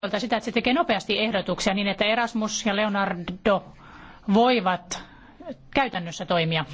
puolta sitä, että se tekee nopeasti ehdotuksia niin, että Erasmus ja Leonardo voivat käytännössä toimia.